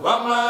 wa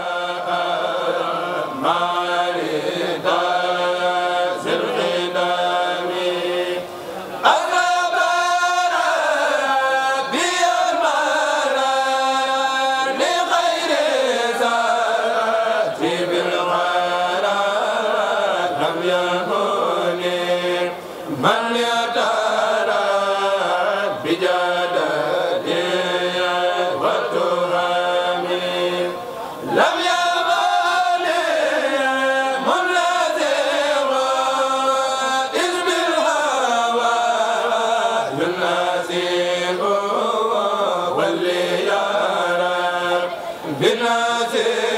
بناثر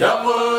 yàqu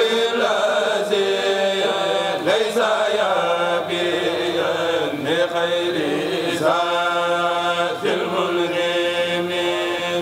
ليس